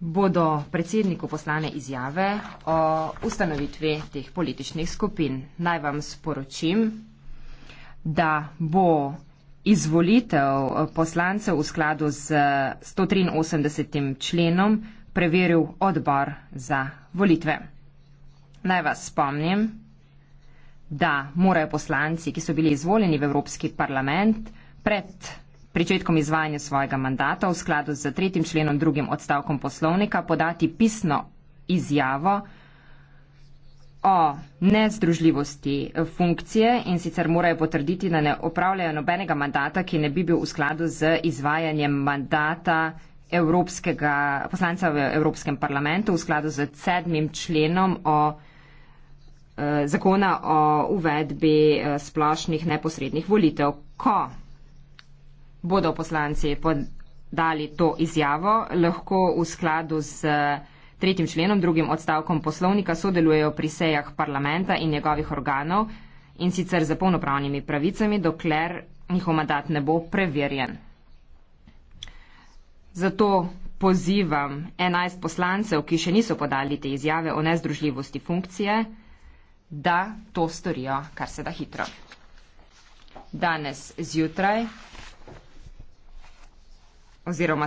bodo predsedniku poslane izjave o ustanovitvi teh političnih skupin. Naj vam sporočim, da bo izvolitev poslancev v skladu z 183. členom preveril odbor za volitve. Naj vas spomnim, da morajo poslanci, ki so bili izvoljeni v Evropski parlament, pred pričetkom izvajanja svojega mandata v skladu z tretjim členom drugim odstavkom poslovnika podati pisno izjavo o nezdružljivosti eh, funkcije in sicer morajo potrditi, da ne opravljajo nobenega mandata, ki ne bi bil v skladu z izvajanjem mandata evropskega, poslanca v Evropskem parlamentu v skladu z sedmim členom o eh, zakona o uvedbi eh, splošnih neposrednih volitev. Ko bodo poslanci podali to izjavo, lahko v skladu z tretjim členom, drugim odstavkom poslovnika sodelujejo pri sejah parlamenta in njegovih organov in sicer za polnopravnimi pravicami, dokler njihov mandat ne bo preverjen. Zato pozivam 11 poslancev, ki še niso podali te izjave o nezdružljivosti funkcije, da to storijo kar se da hitro. Danes zjutraj oziroma